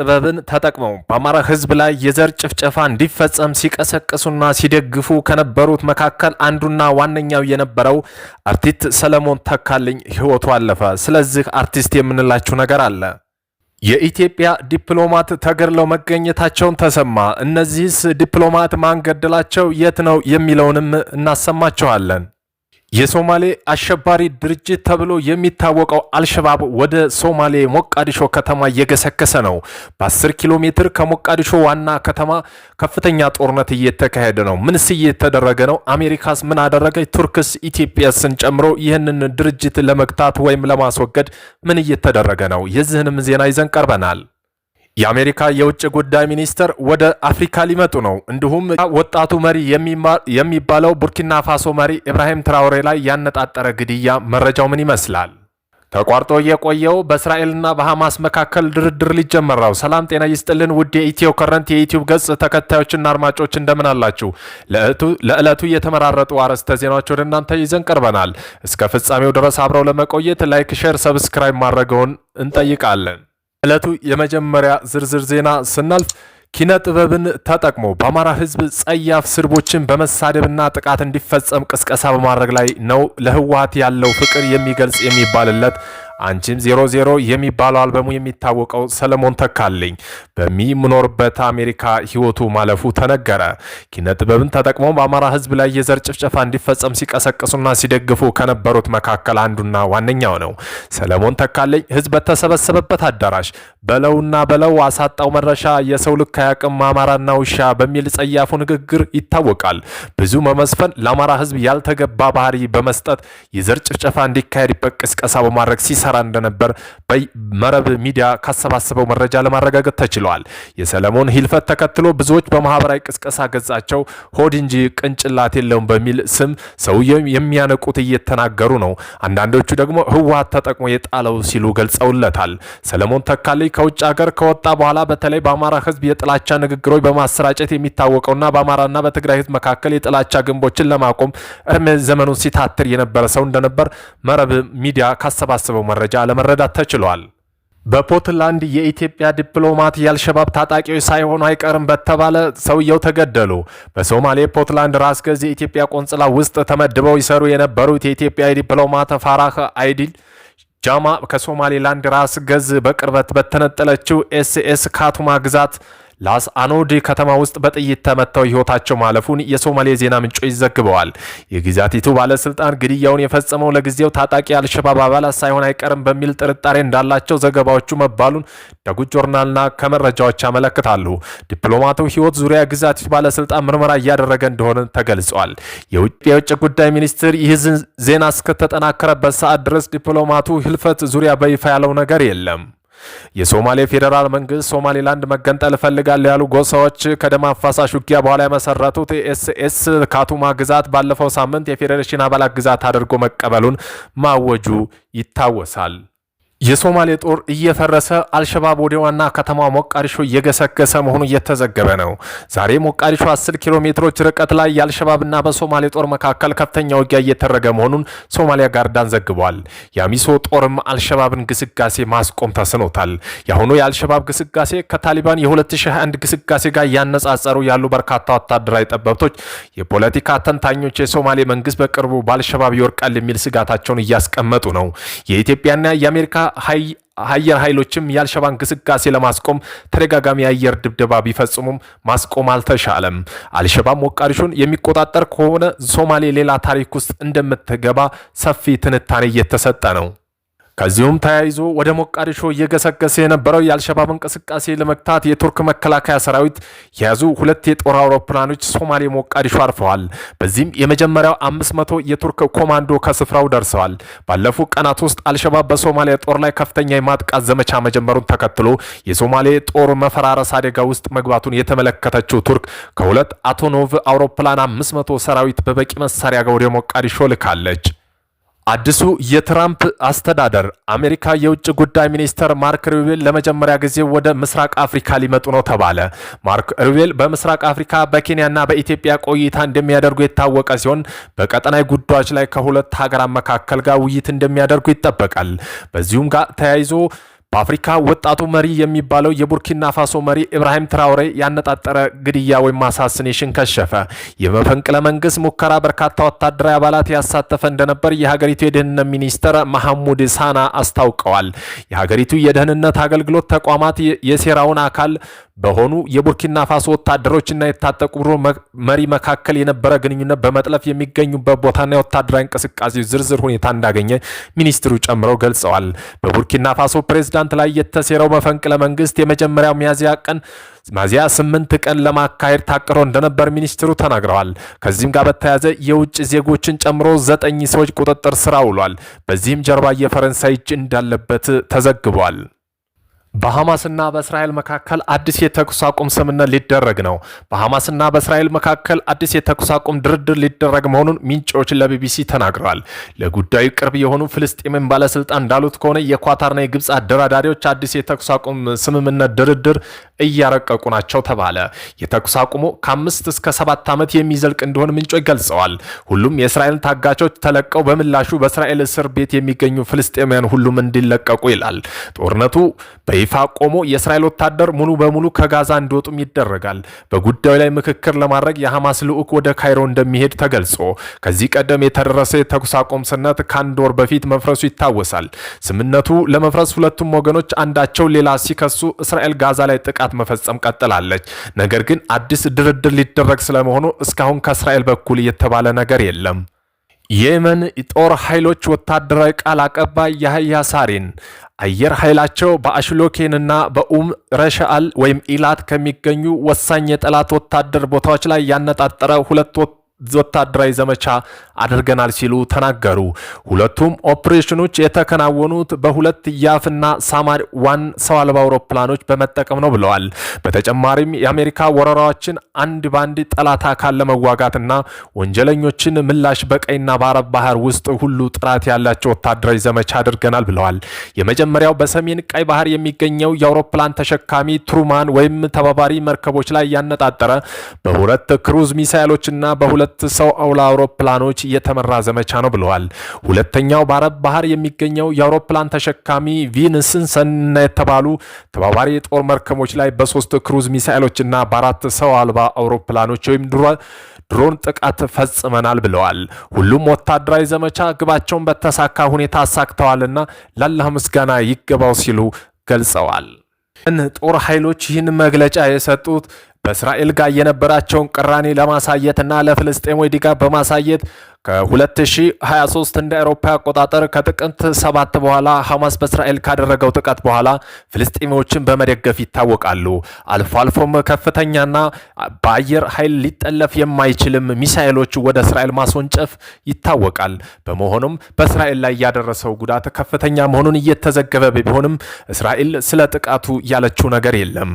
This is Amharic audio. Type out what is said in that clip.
ጥበብን ተጠቅመው በአማራ ህዝብ ላይ የዘር ጭፍጨፋ እንዲፈጸም ሲቀሰቅሱና ሲደግፉ ከነበሩት መካከል አንዱና ዋነኛው የነበረው አርቲስት ሰለሞን ተካልኝ ህይወቱ አለፈ። ስለዚህ አርቲስት የምንላችሁ ነገር አለ። የኢትዮጵያ ዲፕሎማት ተገድለው መገኘታቸውን ተሰማ። እነዚህስ ዲፕሎማት ማን ገደላቸው? የት ነው የሚለውንም እናሰማችኋለን። የሶማሌ አሸባሪ ድርጅት ተብሎ የሚታወቀው አልሸባብ ወደ ሶማሌ ሞቃዲሾ ከተማ እየገሰከሰ ነው። በ10 ኪሎ ሜትር ከሞቃዲሾ ዋና ከተማ ከፍተኛ ጦርነት እየተካሄደ ነው። ምንስ እየተደረገ ነው? አሜሪካስ ምን አደረገች? ቱርክስ ኢትዮጵያስን ጨምሮ ይህንን ድርጅት ለመግታት ወይም ለማስወገድ ምን እየተደረገ ነው? የዚህንም ዜና ይዘን ቀርበናል። የአሜሪካ የውጭ ጉዳይ ሚኒስትር ወደ አፍሪካ ሊመጡ ነው። እንዲሁም ወጣቱ መሪ የሚባለው ቡርኪና ፋሶ መሪ ኢብራሂም ትራውሬ ላይ ያነጣጠረ ግድያ መረጃው ምን ይመስላል? ተቋርጦ የቆየው በእስራኤልና በሐማስ መካከል ድርድር ሊጀመር ነው። ሰላም ጤና ይስጥልን ውድ የኢትዮ ከረንት የዩቲዩብ ገጽ ተከታዮችና አድማጮች እንደምን አላችሁ? ለዕለቱ የተመራረጡ አርዕስተ ዜናዎች ወደ እናንተ ይዘን ቀርበናል። እስከ ፍጻሜው ድረስ አብረው ለመቆየት ላይክ፣ ሼር፣ ሰብስክራይብ ማድረገውን እንጠይቃለን። ዕለቱ የመጀመሪያ ዝርዝር ዜና ስናልፍ ኪነ ጥበብን ተጠቅሞ በአማራ ሕዝብ ጸያፍ ስርቦችን በመሳደብና ጥቃት እንዲፈጸም ቅስቀሳ በማድረግ ላይ ነው ለህወሀት ያለው ፍቅር የሚገልጽ የሚባልለት አንቺም ዜሮ ዜሮ የሚባለው አልበሙ የሚታወቀው ሰለሞን ተካልኝ በሚኖርበት አሜሪካ ህይወቱ ማለፉ ተነገረ። ኪነ ጥበብን ተጠቅሞም በአማራ ህዝብ ላይ የዘር ጭፍጨፋ እንዲፈጸም ሲቀሰቅሱና ሲደግፉ ከነበሩት መካከል አንዱና ዋነኛው ነው። ሰለሞን ተካልኝ ህዝብ በተሰበሰበበት አዳራሽ በለውና በለው አሳጣው መረሻ የሰው ልክ አያቅም አማራና ውሻ በሚል ጸያፉ ንግግር ይታወቃል። ብዙ መመስፈን ለአማራ ህዝብ ያልተገባ ባህሪ በመስጠት የዘር ጭፍጨፋ እንዲካሄድ በቅስቀሳ በማድረግ ሲሳ ሲሰራ እንደነበር በመረብ ሚዲያ ካሰባሰበው መረጃ ለማረጋገጥ ተችሏል። የሰለሞን ሂልፈት ተከትሎ ብዙዎች በማህበራዊ ቅስቀሳ ገጻቸው ሆድ እንጂ ቅንጭላት የለውም በሚል ስም ሰውየው የሚያነቁት እየተናገሩ ነው። አንዳንዶቹ ደግሞ ህወሀት ተጠቅሞ የጣለው ሲሉ ገልጸውለታል። ሰለሞን ተካልኝ ከውጭ ሀገር ከወጣ በኋላ በተለይ በአማራ ህዝብ የጥላቻ ንግግሮች በማሰራጨት የሚታወቀውና በአማራና በትግራይ ህዝብ መካከል የጥላቻ ግንቦችን ለማቆም እድሜ ዘመኑን ሲታትር የነበረ ሰው እንደነበር መረብ ሚዲያ ካሰባሰበው መረጃ ለመረዳት ተችሏል። በፖትላንድ የኢትዮጵያ ዲፕሎማት የአልሸባብ ታጣቂዎች ሳይሆኑ አይቀርም በተባለ ሰውየው ተገደሉ። በሶማሌ ፖትላንድ ራስ ገዝ የኢትዮጵያ ቆንጽላ ውስጥ ተመድበው ይሰሩ የነበሩት የኢትዮጵያ ዲፕሎማት ፋራህ አይዲል ጃማ ከሶማሌላንድ ራስ ገዝ በቅርበት በተነጠለችው ኤስኤስ ካቱማ ግዛት ላስ አኖድ ከተማ ውስጥ በጥይት ተመተው ሕይወታቸው ማለፉን የሶማሌ ዜና ምንጮች ዘግበዋል። የግዛቲቱ ባለስልጣን ግድያውን የፈጸመው ለጊዜው ታጣቂ አልሸባብ አባላት ሳይሆን አይቀርም በሚል ጥርጣሬ እንዳላቸው ዘገባዎቹ መባሉን ደጉ ጆርናልና ከመረጃዎች ያመለክታሉ። ዲፕሎማቱ ሕይወት ዙሪያ ግዛቲቱ ባለስልጣን ምርመራ እያደረገ እንደሆነ ተገልጿል። የውጭ ጉዳይ ሚኒስትር ይህ ዜና እስከተጠናከረበት ሰዓት ድረስ ዲፕሎማቱ ህልፈት ዙሪያ በይፋ ያለው ነገር የለም። የሶማሌ ፌዴራል መንግስት ሶማሌላንድ መገንጠል እፈልጋለሁ ያሉ ጎሳዎች ከደም አፋሳሽ ውጊያ በኋላ የመሰረቱት ኤስኤስ ካቱማ ግዛት ባለፈው ሳምንት የፌዴሬሽን አባላት ግዛት አድርጎ መቀበሉን ማወጁ ይታወሳል። የሶማሌ ጦር እየፈረሰ አልሸባብ ወደ ዋና ከተማ ሞቃዲሾ እየገሰገሰ መሆኑ እየተዘገበ ነው። ዛሬ ሞቃዲሾ 10 ኪሎ ሜትሮች ርቀት ላይ የአልሸባብና በሶማሌ ጦር መካከል ከፍተኛ ውጊያ እየተደረገ መሆኑን ሶማሊያ ጋርዳን ዘግቧል። የአሚሶ ጦርም አልሸባብን ግስጋሴ ማስቆም ተስኖታል። የአሁኑ የአልሸባብ ግስጋሴ ከታሊባን የ2021 ግስጋሴ ጋር እያነጻጸሩ ያሉ በርካታ ወታደራዊ ጠበብቶች፣ የፖለቲካ ተንታኞች የሶማሌ መንግስት በቅርቡ በአልሸባብ ይወርቃል የሚል ስጋታቸውን እያስቀመጡ ነው። የኢትዮጵያና የአሜሪካ አየር ኃይሎችም የአልሸባብ እንቅስቃሴ ለማስቆም ተደጋጋሚ የአየር ድብደባ ቢፈጽሙም ማስቆም አልተሻለም። አልሸባብ ሞቃዲሾን የሚቆጣጠር ከሆነ ሶማሌ ሌላ ታሪክ ውስጥ እንደምትገባ ሰፊ ትንታኔ እየተሰጠ ነው። ከዚሁም ተያይዞ ወደ ሞቃዲሾ እየገሰገሰ የነበረው የአልሸባብ እንቅስቃሴ ለመግታት የቱርክ መከላከያ ሰራዊት የያዙ ሁለት የጦር አውሮፕላኖች ሶማሌ ሞቃዲሾ አርፈዋል። በዚህም የመጀመሪያው 500 የቱርክ ኮማንዶ ከስፍራው ደርሰዋል። ባለፉት ቀናት ውስጥ አልሸባብ በሶማሊያ ጦር ላይ ከፍተኛ የማጥቃት ዘመቻ መጀመሩን ተከትሎ የሶማሌ ጦር መፈራረስ አደጋ ውስጥ መግባቱን የተመለከተችው ቱርክ ከሁለት አቶኖቭ አውሮፕላን 500 ሰራዊት በበቂ መሳሪያ ጋር ወደ ሞቃዲሾ ልካለች። አዲሱ የትራምፕ አስተዳደር አሜሪካ የውጭ ጉዳይ ሚኒስተር ማርክ ሩቤል ለመጀመሪያ ጊዜ ወደ ምስራቅ አፍሪካ ሊመጡ ነው ተባለ። ማርክ ሩቤል በምስራቅ አፍሪካ በኬንያና በኢትዮጵያ ቆይታ እንደሚያደርጉ የታወቀ ሲሆን በቀጠናዊ ጉዳዮች ላይ ከሁለት ሀገራት መካከል ጋር ውይይት እንደሚያደርጉ ይጠበቃል። በዚሁም ጋር ተያይዞ በአፍሪካ ወጣቱ መሪ የሚባለው የቡርኪና ፋሶ መሪ ኢብራሂም ትራውሬ ያነጣጠረ ግድያ ወይም አሳስኔሽን ከሸፈ። የመፈንቅለ መንግስት ሙከራ በርካታ ወታደራዊ አባላት ያሳተፈ እንደነበር የሀገሪቱ የደህንነት ሚኒስትር መሐሙድ ሳና አስታውቀዋል። የሀገሪቱ የደህንነት አገልግሎት ተቋማት የሴራውን አካል በሆኑ የቡርኪና ፋሶ ወታደሮችና የታጠቁ መሪ መካከል የነበረ ግንኙነት በመጥለፍ የሚገኙበት ቦታና የወታደራዊ እንቅስቃሴ ዝርዝር ሁኔታ እንዳገኘ ሚኒስትሩ ጨምረው ገልጸዋል። በቡርኪና ፋሶ ፕሬዚዳንት ፕሬዝዳንት ላይ የተሴረው መፈንቅለ መንግስት የመጀመሪያው ሚያዝያ ቀን ሚያዝያ ስምንት ቀን ለማካሄድ ታቅሮ እንደነበር ሚኒስትሩ ተናግረዋል። ከዚህም ጋር በተያያዘ የውጭ ዜጎችን ጨምሮ ዘጠኝ ሰዎች ቁጥጥር ስር ውሏል። በዚህም ጀርባ የፈረንሳይ እጅ እንዳለበት ተዘግቧል። በሐማስና በእስራኤል መካከል አዲስ የተኩስ አቁም ስምምነት ሊደረግ ነው። በሐማስና በእስራኤል መካከል አዲስ የተኩስ አቁም ድርድር ሊደረግ መሆኑን ምንጮች ለቢቢሲ ተናግረዋል። ለጉዳዩ ቅርብ የሆኑ ፍልስጤምን ባለስልጣን እንዳሉት ከሆነ የኳታርና የግብፅ አደራዳሪዎች አዲስ የተኩስ አቁም ስምምነት ድርድር እያረቀቁ ናቸው ተባለ። የተኩስ አቁሙ ከአምስት እስከ ሰባት ዓመት የሚዘልቅ እንደሆን ምንጮች ገልጸዋል። ሁሉም የእስራኤል ታጋቾች ተለቀው በምላሹ በእስራኤል እስር ቤት የሚገኙ ፍልስጤማውያን ሁሉም እንዲለቀቁ ይላል ጦርነቱ በይፋ ቆሞ የእስራኤል ወታደር ሙሉ በሙሉ ከጋዛ እንዲወጡም ይደረጋል። በጉዳዩ ላይ ምክክር ለማድረግ የሐማስ ልዑክ ወደ ካይሮ እንደሚሄድ ተገልጾ ከዚህ ቀደም የተደረሰ የተኩስ አቁም ስነት ከአንድ ወር በፊት መፍረሱ ይታወሳል። ስምነቱ ለመፍረስ ሁለቱም ወገኖች አንዳቸው ሌላ ሲከሱ እስራኤል ጋዛ ላይ ጥቃት መፈጸም ቀጥላለች። ነገር ግን አዲስ ድርድር ሊደረግ ስለመሆኑ እስካሁን ከእስራኤል በኩል የተባለ ነገር የለም። የየመን ጦር ኃይሎች ወታደራዊ ቃል አቀባይ ያህያ ሳሪን አየር ኃይላቸው በአሽሎኬንና በኡም ረሻአል ወይም ኢላት ከሚገኙ ወሳኝ የጠላት ወታደር ቦታዎች ላይ ያነጣጠረ ሁለት ወታደራዊ ዘመቻ አድርገናል ሲሉ ተናገሩ። ሁለቱም ኦፕሬሽኖች የተከናወኑት በሁለት ያፍና ሳማሪ ዋን ሰው አልባ አውሮፕላኖች በመጠቀም ነው ብለዋል። በተጨማሪም የአሜሪካ ወረራዎችን አንድ በአንድ ጠላት አካል ለመዋጋትና ወንጀለኞችን ምላሽ በቀይና በአረብ ባህር ውስጥ ሁሉ ጥራት ያላቸው ወታደራዊ ዘመቻ አድርገናል ብለዋል። የመጀመሪያው በሰሜን ቀይ ባህር የሚገኘው የአውሮፕላን ተሸካሚ ትሩማን ወይም ተባባሪ መርከቦች ላይ ያነጣጠረ በሁለት ክሩዝ ሚሳይሎችና በሁለት በሁለት ሰው አውላ አውሮፕላኖች የተመራ ዘመቻ ነው ብለዋል። ሁለተኛው በአረብ ባህር የሚገኘው የአውሮፕላን ተሸካሚ ሰና የተባሉ ተባባሪ የጦር መርከቦች ላይ በሶስት ክሩዝ እና በአራት ሰው አልባ አውሮፕላኖች ወይም ድሮን ጥቃት ፈጽመናል ብለዋል። ሁሉም ወታደራዊ ዘመቻ ግባቸውን በተሳካ ሁኔታ አሳክተዋልና ለአላህ ምስጋና ይገባው ሲሉ ገልጸዋል። ጦር ኃይሎች ይህን መግለጫ የሰጡት በእስራኤል ጋር የነበራቸውን ቅራኔ ለማሳየትና ለፍልስጤሞች ድጋፍ በማሳየት ከ2023 እንደ አውሮፓ አቆጣጠር ከጥቅምት ሰባት በኋላ ሐማስ በእስራኤል ካደረገው ጥቃት በኋላ ፍልስጤሞችን በመደገፍ ይታወቃሉ። አልፎ አልፎም ከፍተኛና በአየር ኃይል ሊጠለፍ የማይችልም ሚሳኤሎች ወደ እስራኤል ማስወንጨፍ ይታወቃል። በመሆኑም በእስራኤል ላይ ያደረሰው ጉዳት ከፍተኛ መሆኑን እየተዘገበ ቢሆንም እስራኤል ስለ ጥቃቱ ያለችው ነገር የለም።